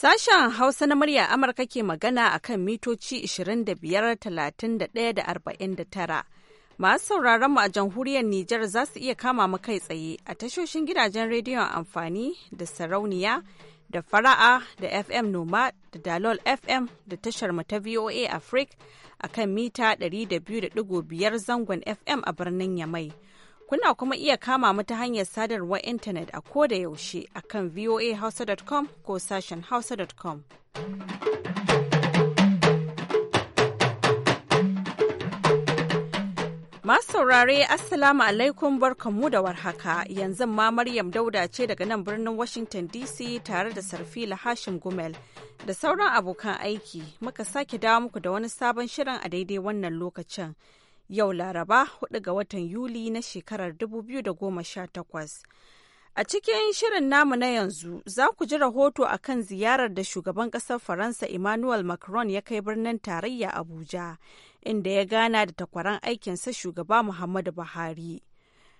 Sashen Hausa na murya Amurka ke magana a kan mitoci arba'in da tara Masu sauraron mu a jamhuriyar Nijar za su iya kama mu kai tsaye a tashoshin gidajen rediyon amfani da sarauniya da fara'a da FM Noma da Dalol FM da tashar mu ta VOA Africa a kan mita 200.5 zangon FM a birnin Yamai. Kuna kuma iya kama mu ta hanyar sadarwar intanet a koda yaushe a kan voahausa.com ko sashen hausa.com. Masu saurare Assalamu alaikum barkanmu da warhaka yanzu ma Maryam Dauda ce daga nan birnin Washington DC tare da Sarfila Hashim Gumel da sauran abokan aiki muka sake dawo muku da wani sabon shirin a daidai wannan lokacin. yau Laraba 4 ga watan Yuli na shekarar 2018. A cikin shirin namu na yanzu za ku ji rahoto a kan ziyarar da shugaban ƙasar Faransa Emmanuel Macron ya kai birnin tarayya Abuja, inda ya gana da takwaran aikinsa shugaba Muhammadu Buhari.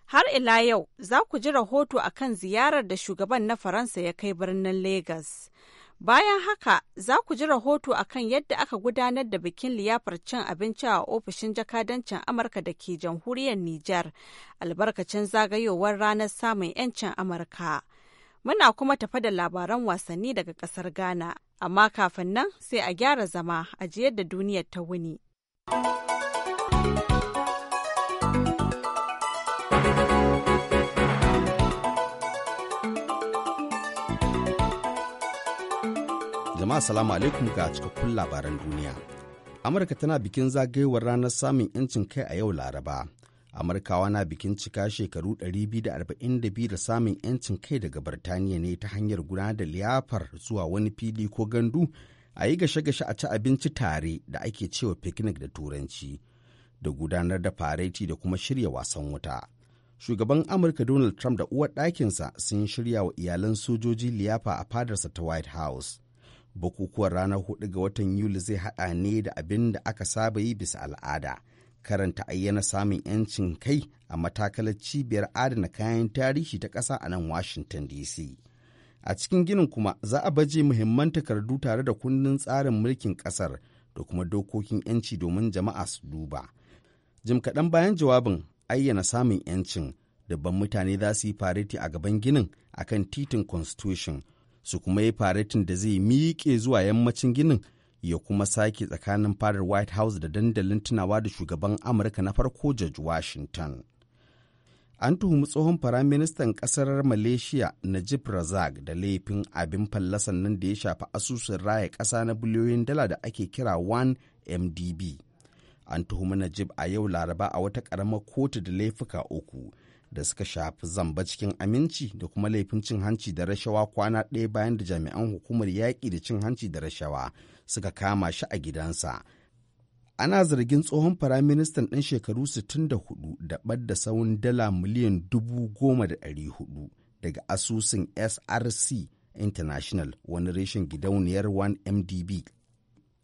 Har ila yau za ku ji rahoto a kan ziyarar da shugaban na Faransa ya kai birnin Legas. Bayan haka za ku ji rahoto a kan yadda aka gudanar da bikin liyafar cin abinci a ofishin jakadancin Amurka da ke jamhuriyar Nijar albarkacin zagayowar ranar samun 'yancin Amurka. Muna kuma tafa da labaran wasanni daga ƙasar Ghana, amma kafin nan sai a gyara zama a da duniyar ta wuni. Jama'a salamu alaikum ga cikakkun labaran duniya. Amurka tana bikin zagayowar ranar samun 'yancin kai a yau Laraba. Amurkawa na bikin cika shekaru 242 da samun 'yancin kai daga Birtaniya ne ta hanyar gudanar da liyafar zuwa wani fili ko gandu a yi gashe-gashe a ci abinci tare da ake cewa picnic da turanci da gudanar da fareti da kuma shirya wasan wuta. Shugaban Amurka Donald Trump da uwar ɗakinsa sun shirya wa iyalan sojoji liyafa a fadarsa ta White House. bukukuwan ranar hudu ga watan Yuli zai hada ne da abin da aka saba yi bisa al'ada. Karanta ayyana samun 'yancin kai a matakalar cibiyar adana kayan tarihi ta ƙasa a nan Washington DC. A cikin ginin kuma za a baje muhimman takardu tare da kundin tsarin mulkin ƙasar da kuma dokokin 'yanci domin jama'a su duba. Jim kaɗan bayan jawabin ayyana samun 'yancin, dabban mutane za su yi fareti a gaban ginin akan titin Constitution. su kuma yi faretin da zai miƙe zuwa yammacin ginin ya kuma sake tsakanin fadar white house da dandalin tunawa da shugaban amurka na farko george washington an tuhumi tsohon firaministan ƙasar malaysia najib razak da laifin abin fallasan nan da ya shafi asusun raya ƙasa na biliyoyin dala da ake kira 1mdb an tuhumi najib a yau laraba a wata ƙaramar kotu da laifuka uku da suka shafi zamba cikin aminci da kuma laifin cin hanci da rashawa kwana ɗaya bayan da jami'an hukumar yaƙi da cin hanci da rashawa suka kama shi a gidansa. Ana zargin tsohon firaministan ɗan shekaru 64 da ɓadda sawun dala miliyan 10,400 daga asusun SRC International wani reshen gidauniyar 1MDB.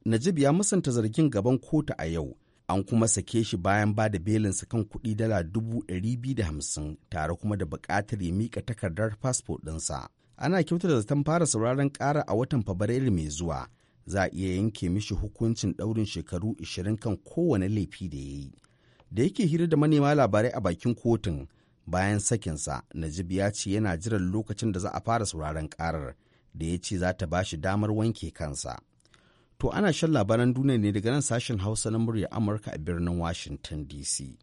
Najib ya musanta zargin gaban kotu a yau. an kuma sake shi bayan ba da belinsa kan kuɗi dala dubu ɗari biyu da hamsin tare kuma da buƙatar ya mika takardar fasfo ɗinsa. Ana da zaton fara sauraron ƙara a watan Fabrairu mai zuwa. Za a iya yanke mishi hukuncin ɗaurin shekaru ashirin kan kowane laifi da ya yi. Da yake hira da manema labarai a bakin kotun bayan sakinsa, Najib ya ce yana jiran lokacin da za a fara sauraron ƙarar da ya ce za ta ba shi damar wanke kansa. To ana shan labaran duniya ne daga nan sashen Hausa na murya Amurka a birnin Washington DC.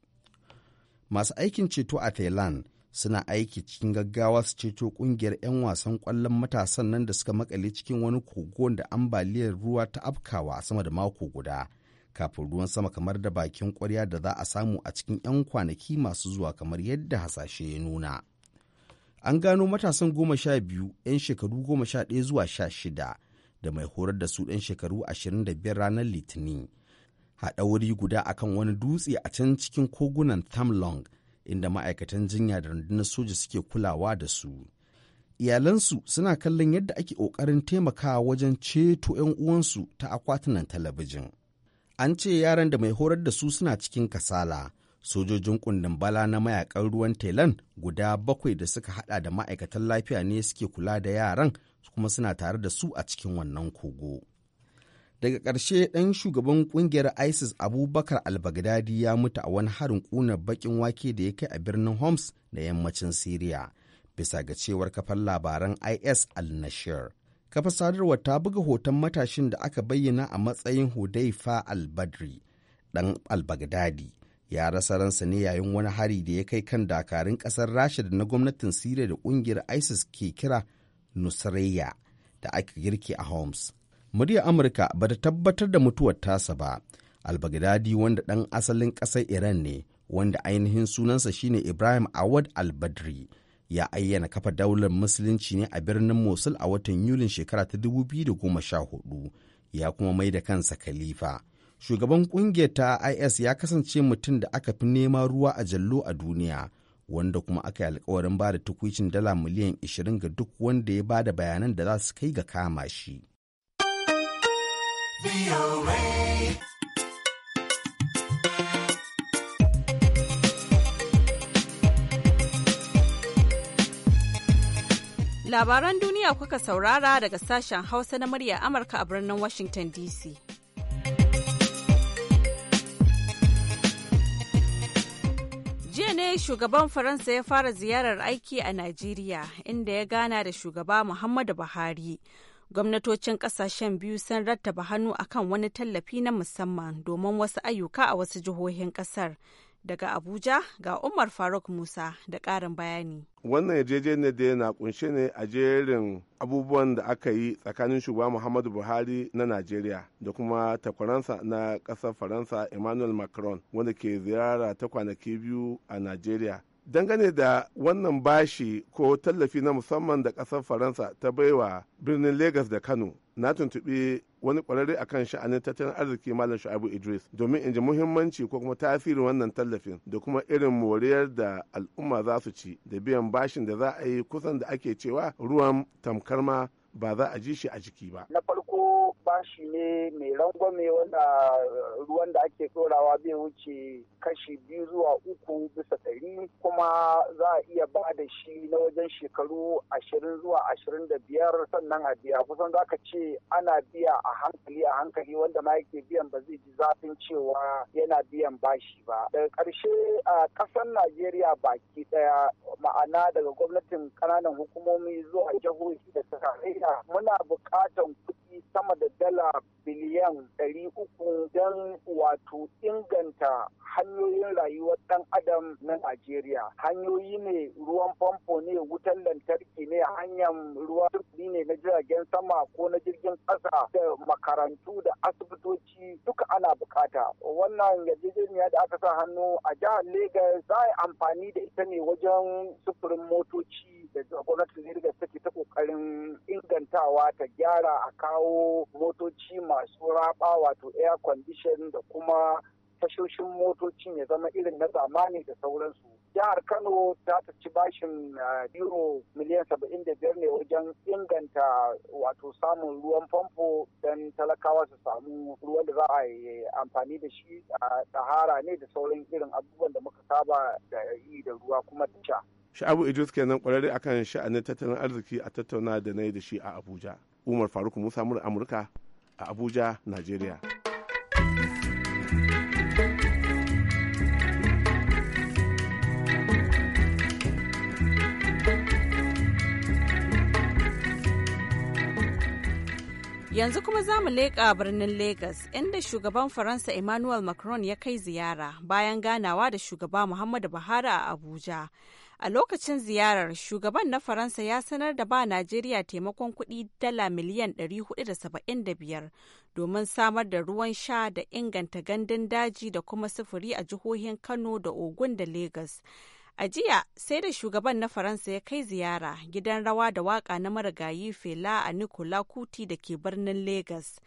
Masu aikin ceto a Thailand suna aiki cikin gaggawa su ceto kungiyar 'yan wasan kwallon matasan nan da suka makale cikin wani kogon da ambaliyar ruwa ta afkawa sama da mako guda kafin ruwan sama kamar da bakin kwarya da za a samu a cikin 'yan kwanaki masu zuwa kamar yadda hasashe ya nuna. An gano matasan goma sha biyu 'yan shekaru goma sha ɗaya zuwa sha shida da mai horar da su ɗan shekaru 25 ranar litinin haɗa wuri guda akan wani dutse a can cikin kogunan thamlong inda ma'aikatan jinya da rundunar soja suke kulawa da su iyalansu suna kallon yadda ake ƙoƙarin taimakawa wajen ceto 'yan uwansu ta akwatunan talabijin an ce yaran da mai horar da su suna cikin kasala sojojin kundin bala na mayakan ruwan telan guda bakwai da suka hada da ma'aikatan lafiya ne suke kula da yaran kuma suna tare da su a cikin wannan kogo. Daga ƙarshe ɗan shugaban ƙungiyar ISIS Abubakar al-Baghdadi ya mutu a wani harin ƙunar baƙin wake da ya kai a birnin Homs na yammacin Siriya, bisa ga cewar kafar labaran IS al-Nashir. Kafar sadarwar ta buga hoton matashin da aka bayyana a matsayin Hudaifa al-Badri, ɗan al-Baghdadi. ya rasa ransa ne yayin wani hari da ya kai kan dakarun ƙasar rasha da na gwamnatin siriya da ƙungiyar isis ke kira nusrayya da aka girki a homs muryar amurka ba ta tabbatar da mutuwar tasa ba albagadadi wanda ɗan asalin ƙasar iran ne wanda ainihin sunansa shine ibrahim awad albadri ya ayyana kafa daular musulunci ne a birnin mosul a watan yulin shekara ta 2014 ya kuma mai da kansa khalifa shugaban ƙungiyar ta is ya kasance mutum da aka fi nema ruwa a jallo a duniya wanda kuma aka yi alkawarin ba da tukwicin dala miliyan 20 ga duk wanda ya ba da bayanan da za su kai ga kama shi. Labaran duniya kuka saurara daga sashen Hausa na murya Amurka a birnin Washington DC. jiya ne shugaban faransa ya fara ziyarar aiki a najeriya inda ya gana da shugaba muhammadu buhari gwamnatocin kasashen biyu sun rattaba hannu akan wani tallafi na musamman domin wasu ayyuka a wasu jihohin kasar Daga Abuja ga Umar Faruk Musa da karin bayani. Wannan yarjejeniyar da yana kunshe ne a jerin abubuwan da aka yi tsakanin shugaba Muhammadu Buhari na Najeriya da kuma takwaransa na ƙasar Faransa Emmanuel Macron wanda ke ziyara ta kwanaki biyu a Najeriya dangane da wannan bashi ko tallafi na musamman da ƙasar faransa ta baiwa birnin lagos da kano na tuntuɓi wani a akan sha'anin tattalin arziki malam shu'abu idris domin in ji muhimmanci ko kuma tasirin wannan tallafin da kuma irin moriyar da al'umma za su ci da biyan bashin da za a yi kusan da ake cewa ruwan tamkarma ba za a ji shi a jiki ba na farko bashi ne mai rangwame wanda ruwan da ake tsorawa bai wuce kashi biyu zuwa uku bisa ɗari kuma za a iya ba da shi na wajen shekaru ashirin zuwa ashirin da biyar sannan a biya kusan za ka ce ana biya a hankali a hankali wanda ma yake biyan ba zai ji zafin cewa yana biyan bashi ba daga ƙarshe a ƙasar najeriya baki ɗaya ma'ana daga gwamnatin ƙananan hukumomi zuwa jihohi da tarayya muna buƙatan kuɗi kuɗi sama da dala biliyan ɗari uku don wato inganta hanyoyin rayuwar ɗan adam na Najeriya. Hanyoyi ne ruwan famfo ne wutan lantarki ne hanyar ruwa turbi ne na jiragen sama ko na jirgin ƙasa da makarantu da asibitoci duka ana bukata. Wannan yarjejeniya da aka sa hannu a jihar Legas za a yi amfani da ita ne wajen sufurin motoci da gwamnatin Legas take ta ƙoƙarin ingantawa ta gyara a kawo kawo motoci masu raba wato air condition da kuma tashoshin motocin ya zama irin na zamani da sauransu jihar kano za ta ci bashin euro eh, miliyan saba'in da biyar ne wajen inganta wato samun ruwan famfo don talakawa su samu ruwan da za a yi amfani da shi a tsahara ne da sauran irin abubuwan da muka saba da yi da ruwa kuma da sha sha'abu idris kenan kwararre akan sha'anin tattalin arziki a tattauna da na yi da shi a abuja umar faruk musa mura amurka a abuja nigeria Yanzu kuma za mu leƙa birnin lagos inda shugaban Faransa Emmanuel Macron ya kai ziyara bayan ganawa da shugaba Muhammadu Buhari a Abuja. A lokacin ziyarar, shugaban na Faransa ya sanar da ba Najeriya taimakon kuɗi dala miliyan 475 domin samar da ruwan sha da inganta gandun daji da kuma sufuri a jihohin Kano da Ogun da Legas. A jiya sai da shugaban na Faransa ya kai ziyara gidan rawa da waka na marigayi Fela a Nicola Kuti da ke birnin Legas.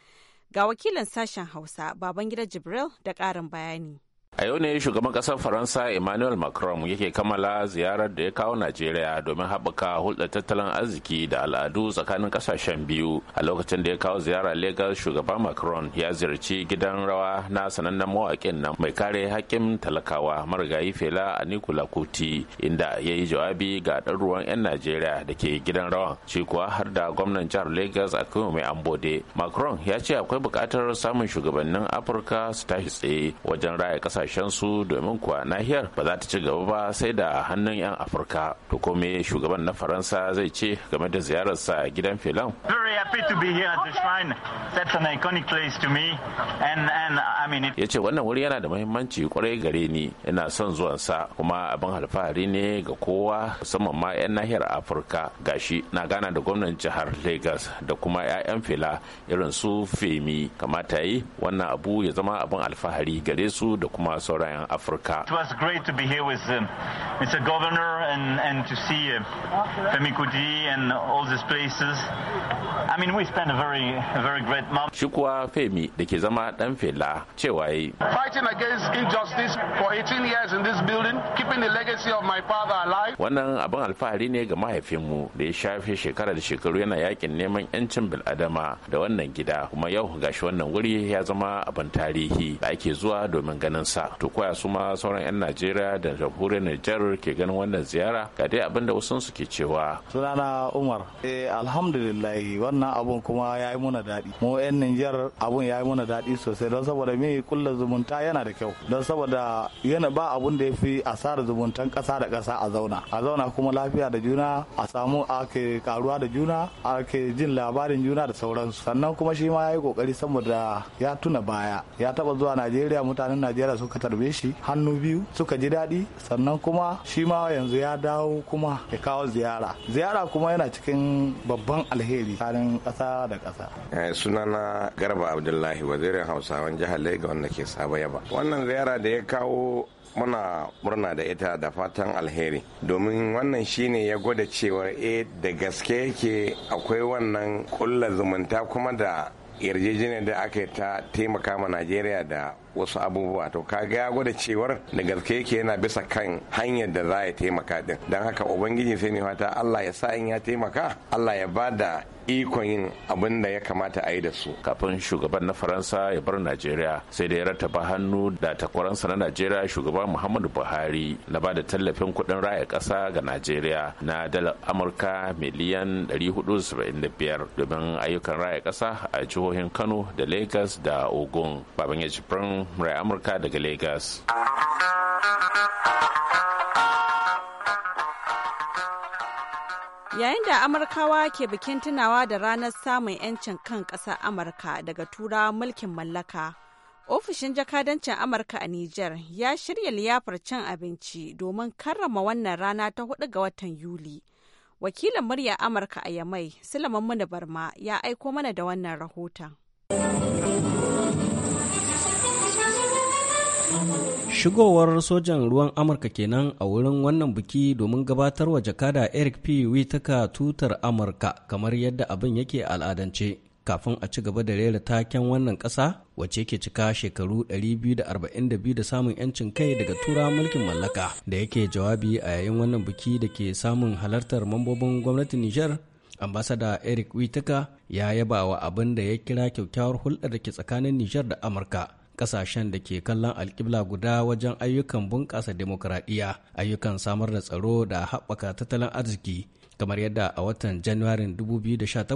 Ga wakilin sashen Hausa, Babangida Jibril da ƙarin bayani. a yau ne shugaban kasar faransa emmanuel macron yake kammala ziyarar da ya kawo najeriya domin haɓaka hulɗar tattalin arziki da al'adu tsakanin ƙasashen biyu a lokacin da ya kawo ziyara lagos shugaban macron ya ziyarci gidan rawa na sanannen mawaƙin na mai kare haƙƙin talakawa marigayi fela a nikola kuti inda ya yi jawabi ga ɗaruruwan 'yan najeriya da ke gidan rawan shi kuwa har da gwamnan jihar lagos a mai ambode macron ya ce akwai buƙatar samun shugabannin afirka su tashi tsaye wajen raya ƙasa. su domin kuwa nahiyar ba za ta ci gaba ba sai da hannun 'yan afirka to ko shugaban na faransa zai ce game da ziyararsa a gidan filan ya ce wannan wuri yana da muhimmanci kwarai gare ni ina son sa kuma abin alfahari ne ga kowa musamman ma 'yan nahiyar afirka gashi na gana da gwamnan jihar lagos da kuma 'ya'yan fila irin su femi kamata yi wannan abu ya zama abin alfahari gare su da kuma kuma afirka it was great to be here with mr um, governor and, and to see uh, Femi Kuti and all these places I mean we spent very very great month shi kuwa Femi da ke zama dan fela cewa yi fighting against injustice for 18 years in this building keeping the legacy of my father alive wannan abin alfahari ne ga mahaifinmu da ya shafe shekara da shekaru yana yakin neman yancin bil'adama da wannan gida kuma yau gashi wannan wuri ya zama abin tarihi da ake zuwa domin ganin sa ziyara to su ma sauran 'yan najeriya da jamhuriyar nijar ke ganin wannan ziyara ga dai abin da wasu suke cewa sunana umar eh alhamdulillah wannan abun kuma ya yi muna daɗi mu 'yan niger abun ya yi muna daɗi sosai don saboda me kulla zumunta yana da kyau don saboda yana ba abun da ya fi asara zumuntan kasa da kasa a zauna a zauna kuma lafiya da juna a samu ake karuwa da juna ake jin labarin juna da sauransu sannan kuma shi ma ya yi kokari saboda ya tuna baya ya taba zuwa najeriya mutanen najeriya su suka tarbe shi hannu biyu suka ji daɗi sannan kuma shi ma yanzu ya dawo kuma ya kawo ziyara ziyara kuma yana cikin babban alheri tsarin ƙasa da ƙasa. Eh, sunana garba abdullahi wazirin hausawan jihar lagos wanda ke saba yaba wannan ziyara da ya kawo muna murna da ita da fatan alheri domin wannan shine ya gwada cewa e da gaske yake akwai wannan kulla zumunta kuma da yarjejeniyar da aka ta taimaka ma najeriya da wasu abubuwa to ka ya gwada cewar da gaske yake yana bisa kan hanyar da za ya taimaka din don haka ubangiji sai ne fata allah ya sa in ya taimaka allah ya ba da ikon yin abin da ya kamata a yi da su kafin shugaban na faransa ya bar najeriya sai da ya rattaba hannu da takwaransa na najeriya shugaban muhammadu buhari na ba da tallafin kudin raya kasa ga najeriya na dala amurka miliyan 475 domin ayyukan raya kasa a jihohin kano da lagos da ogun baban ya Hassan Amurka daga Lagos. Yayin da Amurkawa ke bikin tunawa da ranar samun 'yancin kan ƙasar Amurka daga turawa mulkin mallaka, ofishin jakadancin Amurka a Nijar ya shirya liyafar cin abinci domin karrama wannan rana ta hudu ga watan Yuli. Wakilin murya Amurka a Yamai, Sulaiman Muni ya aiko mana da wannan rahoton. Shigowar sojan ruwan Amurka kenan a wurin wannan biki domin gabatar wa jakada Eric P. Whitaker tutar Amurka kamar yadda abin yake al'adance. Kafin a ci gaba da rera taken wannan ƙasa wacce ke cika shekaru 242 da samun 'yancin kai daga tura mulkin mallaka da yake jawabi a yayin wannan biki da ke samun halartar mambobin gwamnatin Nijar ambasada Eric witika ya yaba wa abin da ya kira kyakkyawar hulɗar da ke tsakanin Nijar da Amurka kasashen da ke kallon alkibla guda wajen ayyukan bunƙasa demokradiyya ayyukan samar da tsaro da haɓaka tattalin arziki kamar yadda a watan januwarin 2018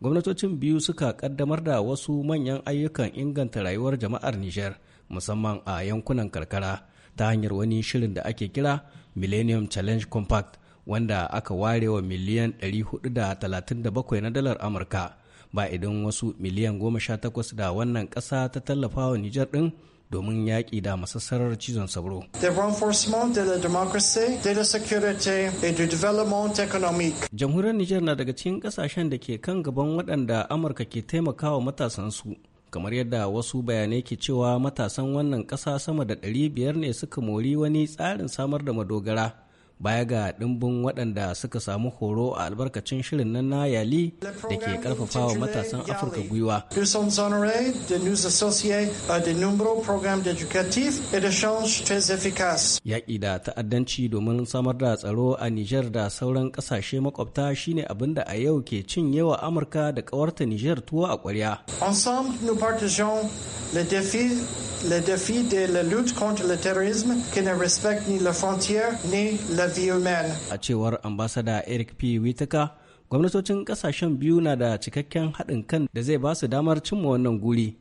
gwamnatocin biyu suka kaddamar da wasu manyan ayyukan inganta rayuwar jama'ar Nijar musamman a yankunan karkara ta hanyar wani shirin da ake kira Millennium Challenge Compact wanda aka ware wa miliyan 437 na dalar Amurka ba idan wasu miliyan goma sha takwas da wannan ƙasa ta tallafa wa Nijar ɗin domin yaƙi da masassarar cizon sauro. The democracy, de la et du Jamhuriyar Nijar na daga cikin ƙasashen da ke kan gaban waɗanda Amurka ke taimakawa matasansu. kamar yadda wasu bayanai ke cewa matasan wannan ƙasa sama da 500 ne suka mori wani tsarin samar da madogara baya ga ɗimbin waɗanda suka samu horo a albarkacin shirin nan na yali da ke ƙarfafawa matasan afirka gwiwa yaƙi da ta'addanci domin samar da tsaro a nijar da sauran ƙasashe makwabta shine abin da a yau ke cin yawa amurka da ƙawarta nijar tuwo a ƙwarya le défi, le défi de la lutte contre le terrorisme qui ne respecte ni la frontière ni la A cewar ambasada Eric P. witaka gwamnatocin kasashen biyu na da cikakken haɗin kan da zai ba su damar cimma wannan guri.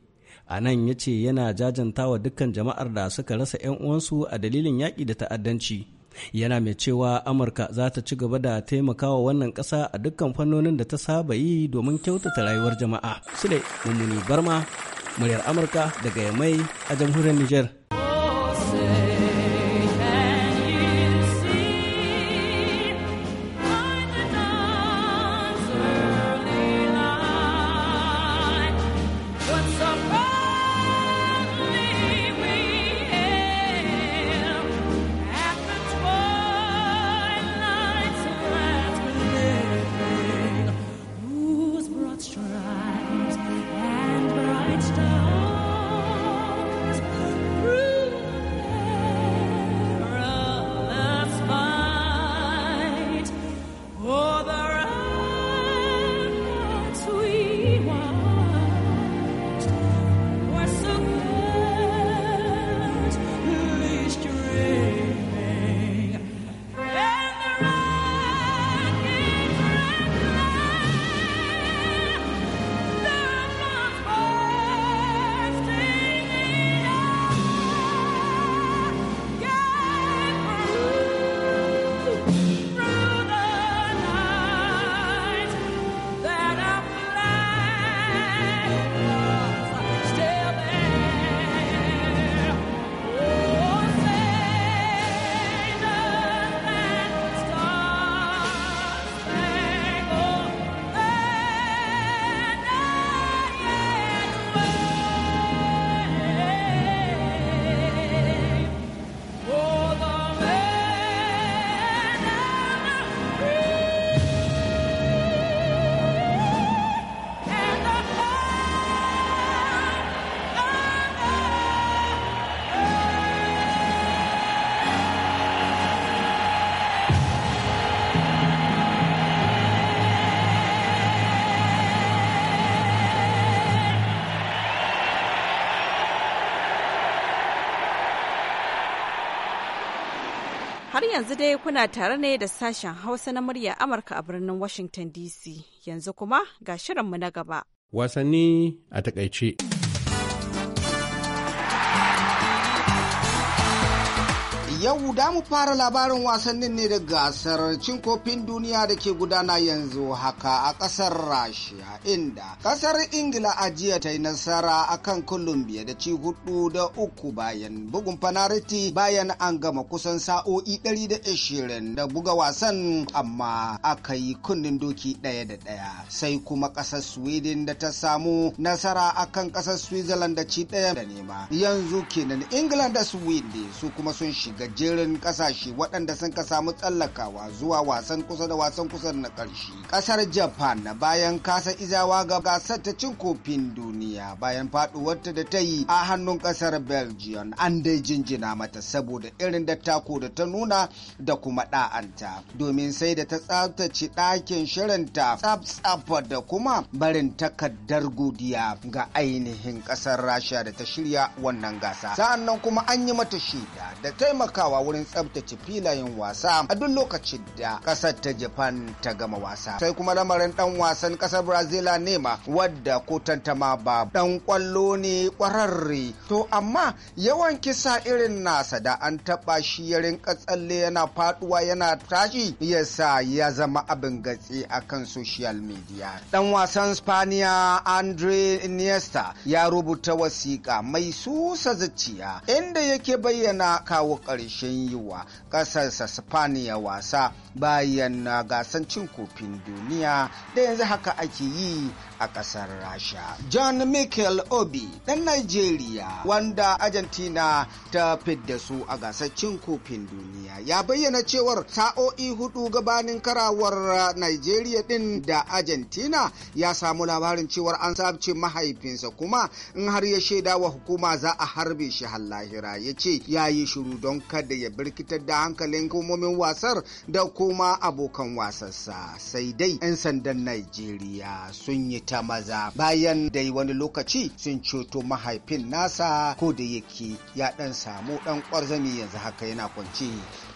A nan ya ce yana jajantawa dukkan jama'ar da suka rasa 'yan uwansu a dalilin yaƙi da ta'addanci. Yana mai cewa Amurka za ta ci gaba da taimakawa wannan ƙasa a dukkan fannonin da ta saba yi domin kyautata rayuwar jama'a. Sule Mummuni Barma, muryar Amurka daga Yamai a jamhuriyar Nijar. yanzu dai kuna tare ne da sashen Hausa na murya Amurka a birnin Washington DC. Yanzu kuma ga shirinmu na gaba. Wasanni a takaice. Yau da mu fara labarin wasannin ne da gasar cin kofin duniya da ke gudana yanzu haka a ƙasar Rasha inda ƙasar Ingila a jiya ta yi nasara a kan Colombia da ci hudu da uku bayan bugun fanariti bayan an gama kusan sa'o'i 120 da buga wasan amma aka yi kunnen doki ɗaya da ɗaya sai kuma ƙasar Sweden da ta samu nasara a kan ƙasar Switzerland da ci ɗaya da nema yanzu kenan England da Sweden su kuma sun shiga jerin kasashe waɗanda sun ka samu tsallakawa zuwa wasan kusa da wasan kusa na ƙarshe. Ƙasar Japan na bayan kasa izawa ga gasar ta cin kofin duniya bayan faɗuwarta da ta yi a hannun ƙasar Belgium an dai jinjina mata saboda irin da dattako da ta nuna da kuma ɗa'anta domin sai da ta tsaftace ɗakin shirinta tsaf da kuma barin takardar godiya ga ainihin ƙasar Rasha da ta shirya wannan gasa. Sa'an kuma an yi mata shida da taimaka taimakawa wurin tsabtace filayen wasa a duk lokacin da kasar ta Japan ta gama wasa. Sai kuma lamarin dan wasan kasar Brazila Nema wadda ko tantama ba dan kwallo ne kwararre. To amma yawan kisa irin nasa da an taba shi ya rinka tsalle yana faduwa yana tashi sa ya zama abin gatsi akan social media. Dan wasan Spaniya Andre Iniesta ya rubuta wasiƙa mai susa zuciya inda yake bayyana kawo ƙarshe karshen yi wa ƙasarsa Spaniya wasa bayan gasan cin kofin duniya da yanzu haka ake yi a ƙasar Rasha. John Michael Obi, ɗan Najeriya, wanda Argentina ta fidda su a gasar cin kofin duniya, ya bayyana cewar sa'o'i hudu gabanin karawar Najeriya ɗin da Argentina ya samu labarin cewar an sabce mahaifinsa kuma in har ya shaida wa hukuma za a harbe shi hallahira ya ce ya yi shiru don kada ya birkitar da hankalin hukumomin wasar da kuma abokan wasarsa sai dai 'yan sandan Najeriya sun yi ta maza bayan dai wani lokaci sun ceto mahaifin nasa ko da yake ya dan samu dan kwarzami yanzu haka yana kwance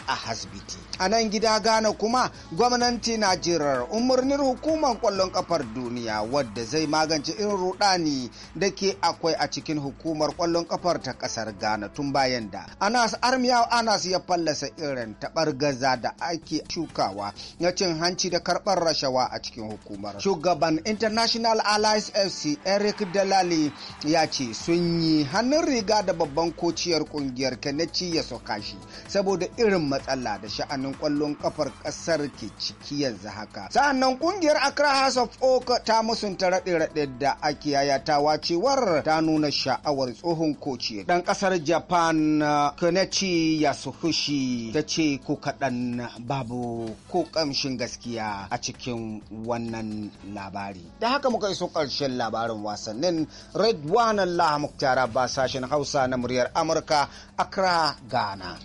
a hasbiti a nan gida ghana kuma gwamnati na jirar umarnin hukumar kwallon kafar duniya wadda zai magance irin rudani da ke akwai a cikin hukumar kwallon kafar ta kasar ghana tun bayan da anas armiya anas ya fallasa irin tabar gaza da ake shukawa na cin hanci da karbar rashawa a cikin hukumar shugaban international allies fc eric dalali ya ce sun yi hannun riga da babban kociyar kungiyar kanachi ya so shi saboda irin matsala da sha'anin kwallon kafar kasar ke ciki yanzu haka nan kungiyar accra house of oak ta musunta raɗe-raɗe da ake yayatawa cewar ta nuna sha'awar tsohon koci dan kasar japan kenichi yasufushi ta ce ko kaɗan babu ko ƙamshin gaskiya a cikin wannan labari da haka muka iso ƙarshen labarin wasannin Red One allah muktara ba sashen hausa na muryar amurka accra ghana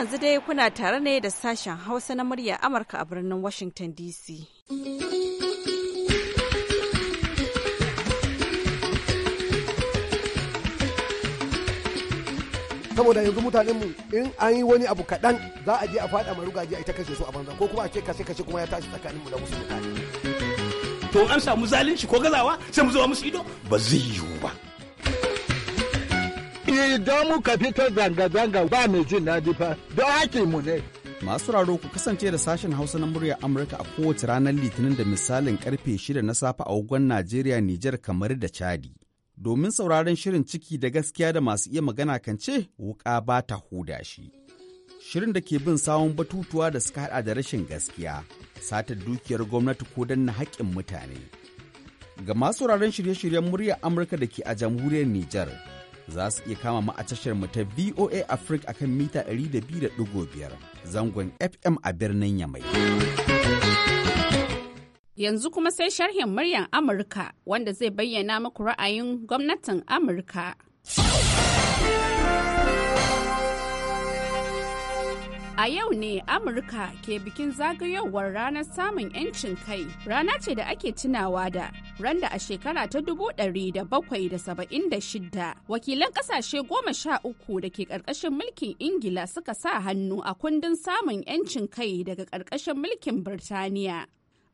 yanzu dai kuna tare ne da sashen Hausa na murya Amurka a birnin Washington DC. saboda yanzu mutanenmu in an yi wani abu kaɗan za a je a faɗa marugaji a ita kashe su a banza ko kuma a ce kashe kashe kuma ya tashi tsakaninmu da wasu mutane. To an samu zalunci ko gazawa sai mu zama musu ido ba zai yiwu ba. don muka fito zanga-zanga ba mai jin daɗi fa don mu ne. Masu raro ku kasance da sashen Hausa na muryar Amurka a kowace ranar Litinin da misalin karfe shida na safe a wagon Najeriya, Nijar, kamar da Chadi. Domin sauraron shirin ciki da gaskiya da masu iya magana kan ce wuƙa ba ta huda shi. Shirin da ke bin sawon batutuwa da suka haɗa da rashin gaskiya, satar dukiyar gwamnati ko danna haƙƙin mutane. Ga masu sauraron shirye-shiryen muryar Amurka da ke a jamhuriyar Nijar, za su iya kama mu a tashar mu ta VOA Africa akan mita 200.5 zangon FM a birnin Yamai. Yanzu kuma sai sharhin muryar Amurka wanda zai bayyana muku ra'ayin gwamnatin Amurka. A yau ne Amurka ke bikin zagayowar ranar samun 'yancin kai. Rana ce da ake tunawa da randa a shekara ta dubu da da da bakwai saba'in 1776 wakilan kasashe goma sha uku da ke ƙarƙashin mulkin Ingila suka sa hannu a kundin samun 'yancin kai daga ƙarƙashin mulkin Birtaniya.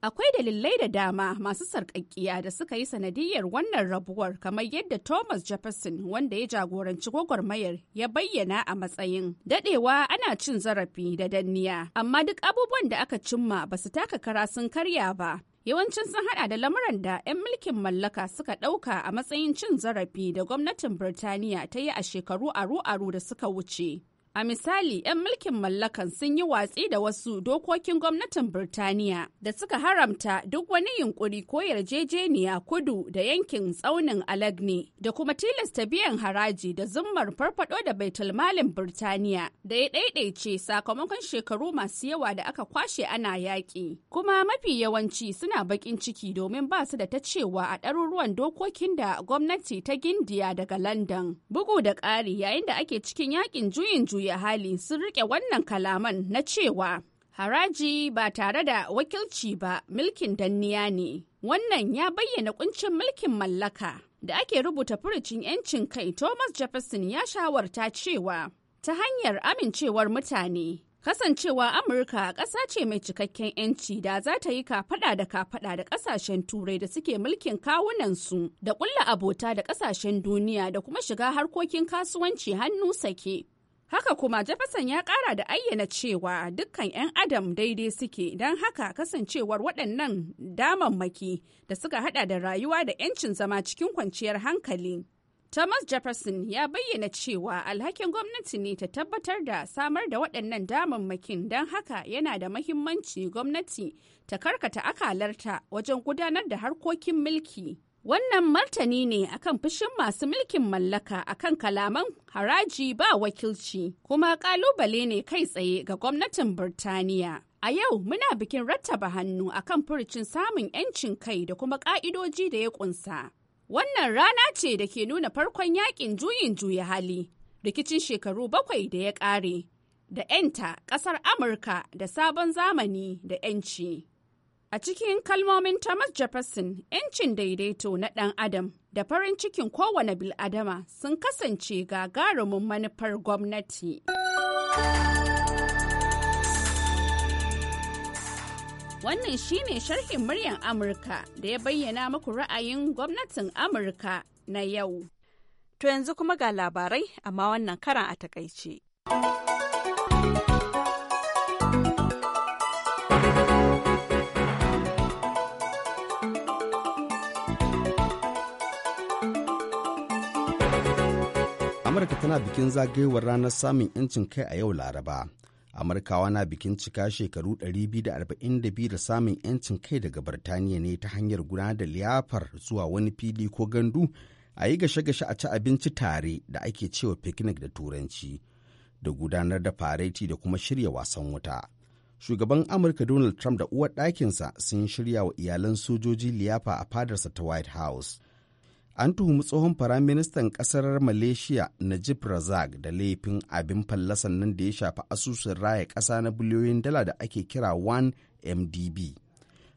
Akwai dalilai da dama masu sarƙaƙƙiya da suka yi sanadiyar wannan rabuwar kamar yadda Thomas Jefferson wanda ya jagoranci gwagwarmayar ya bayyana a matsayin dadewa ana cin zarafi da danniya amma duk abubuwan da aka cimma ba su taka kara sun karya ba. Yawancin sun hada da lamuran da 'yan mulkin mallaka suka ɗauka a matsayin cin zarafi da gwamnatin Birtaniya ta yi a shekaru aru-aru da suka wuce. A misali, 'yan mulkin mallakan sun yi watsi da wasu dokokin gwamnatin Birtaniya da suka haramta duk wani yunkuri ko yarjejeniya kudu da yankin tsaunin Alagni da kuma tilasta biyan haraji da zummar farfado da baitulmalin Birtaniya da ya ɗaiɗaice sakamakon shekaru masu yawa da aka kwashe ana yaƙi. Kuma mafi yawanci suna baƙin ciki domin ba su da ta cewa a ɗaruruwan dokokin da gwamnati ta gindiya daga Landan. Bugu da ƙari yayin da ake cikin yaƙin juyin juya juya hali sun rike wannan kalaman na cewa haraji ba tare da wakilci ba milkin danniya ne. Wannan ya bayyana kuncin mulkin mallaka da ake rubuta furucin 'yancin kai Thomas Jefferson ya shawarta cewa ta hanyar amincewar mutane kasancewa amurka ƙasa ce mai cikakken 'yanci da za ta yi kafaɗa da kafaɗa da ƙasashen turai da suke mulkin kawunansu da ƙulla abota da ƙasashen duniya da kuma shiga harkokin kasuwanci hannu sake Haka kuma Jefferson ya kara da ayyana cewa dukkan 'yan adam daidai suke don haka kasancewar waɗannan damammaki da suka hada da rayuwa da 'yancin zama cikin kwanciyar hankali. Thomas Jefferson ya bayyana cewa alhakin gwamnati ne ta tabbatar da samar da waɗannan damammakin don haka yana da mahimmanci gwamnati ta karkata akalarta wajen gudanar da harkokin mulki. Wannan martani ne akan fushin masu mulkin mallaka akan kalaman haraji ba wakilci kuma kalubale ne kai tsaye ga gwamnatin Birtaniya. A yau muna bikin rattaba hannu akan furucin samun 'yancin kai da kuma ka'idoji da ya kunsa. Wannan rana ce da ke nuna farkon yakin juyin juya hali, rikicin shekaru bakwai da ya ƙare, da 'yanta ƙasar Amurka da sabon zamani da 'yanci. A cikin kalmomin Thomas Jefferson, 'yancin daidaito na ɗan Adam da farin cikin kowane bil'adama sun kasance gagarumin manufar gwamnati. Wannan shi ne sharhin muryan Amurka da ya bayyana muku ra'ayin gwamnatin Amurka na yau. To yanzu kuma ga labarai amma wannan karan a takaice. amurka tana bikin zagayowar ranar samun 'yancin kai a yau laraba amurkawa na bikin cika shekaru 242 da samun 'yancin kai daga birtaniya ne ta hanyar gudanar da liyafar zuwa wani fili ko gandu a yi gashe-gashe a ci abinci tare da ake cewa picnic da turanci da gudanar da fareti da kuma shirya wasan wuta shugaban amurka donald trump da uwar ɗakinsa sun shirya wa iyalan sojoji liyafa a fadarsa ta white house an tuhumi tsohon firaministan ƙasar malaysia najib razak da laifin abin fallasan nan da ya shafi asusun raya ƙasa na biliyoyin dala da ake kira 1mdb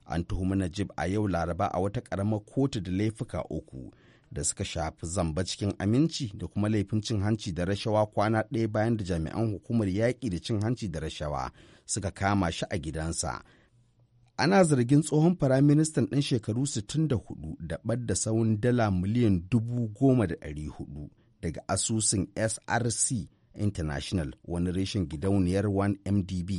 an tuhumi najib a yau laraba a wata ƙaramar kotu da laifuka uku da suka shafi zamba cikin aminci da kuma laifin cin hanci da rashawa kwana ɗaya bayan da jami'an hukumar yaƙi da cin hanci da rashawa suka kama shi a gidansa ana zargin tsohon firaministan ɗan shekaru 64 da ɓadda tsawon dala miliyan 10,400 daga asusun src international wani reshen gidauniyar 1mdb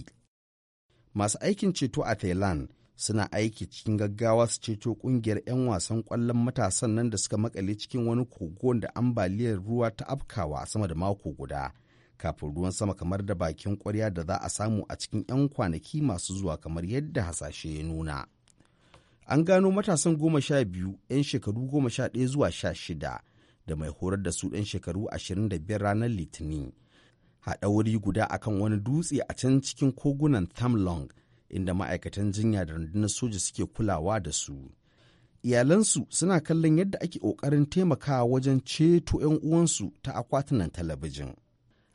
masu aikin ceto a thailand suna aiki cikin gaggawa su ceto kungiyar 'yan wasan kwallon matasan nan da suka makale cikin wani kogon da ambaliyar ruwa ta afkawa sama da mako guda kafin ruwan sama kamar da bakin kwarya da za a samu a cikin 'yan kwanaki masu zuwa kamar yadda hasashe ya nuna. An gano matasan goma sha biyu 'yan shekaru goma sha ɗaya zuwa sha shida da mai horar da su 'yan shekaru ashirin da biyar ranar Litinin. Haɗa wuri guda kan wani dutse a can cikin kogunan Thamlong inda ma'aikatan jinya da rundunar soja suke kulawa da su. Iyalansu suna kallon yadda ake ƙoƙarin taimakawa wajen ceto 'yan uwansu ta akwatunan talabijin.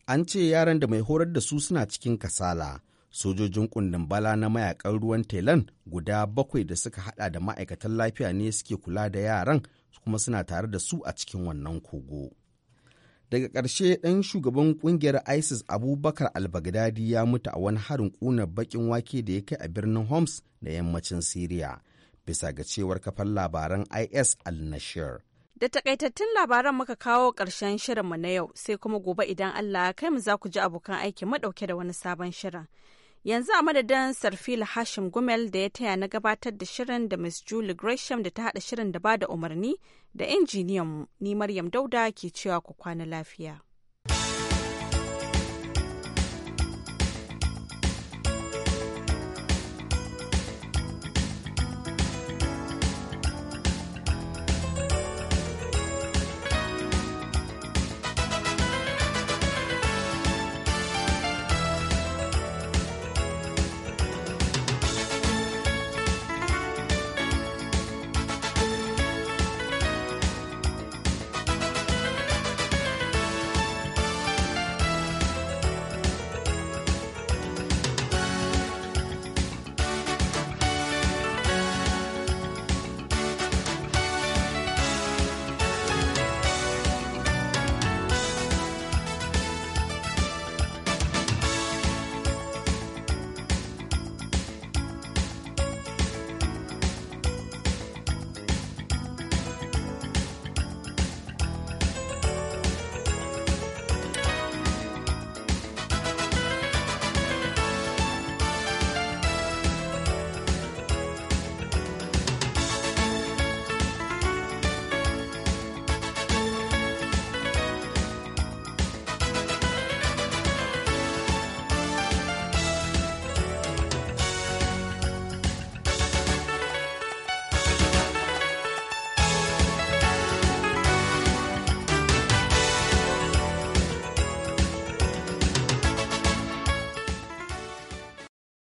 an ce yaran da mai horar da su suna cikin kasala sojojin kundin bala na mayakan ruwan telan guda bakwai da suka hada da ma'aikatan lafiya ne suke kula da yaran kuma suna tare da su a cikin wannan kogo daga ƙarshe ɗan shugaban ƙungiyar isis abubakar albagdadi ya mutu a wani harin ƙuna baƙin wake da ya kai a birnin homs da yammacin siriya bisa ga cewar kafar labaran is al-nashir Da takaitattun labaran muka kawo ƙarshen mu na yau sai kuma gobe idan Allah ya kai mu za ku ji abokan aiki madauke da wani sabon shirin. Yanzu a madadin Sarfil Hashim Gumel da ya taya na gabatar da shirin da Miss Julie Gresham da ta haɗa shirin da ba da umarni da injiniyan ni Maryam Dauda ke cewa ku kwana lafiya.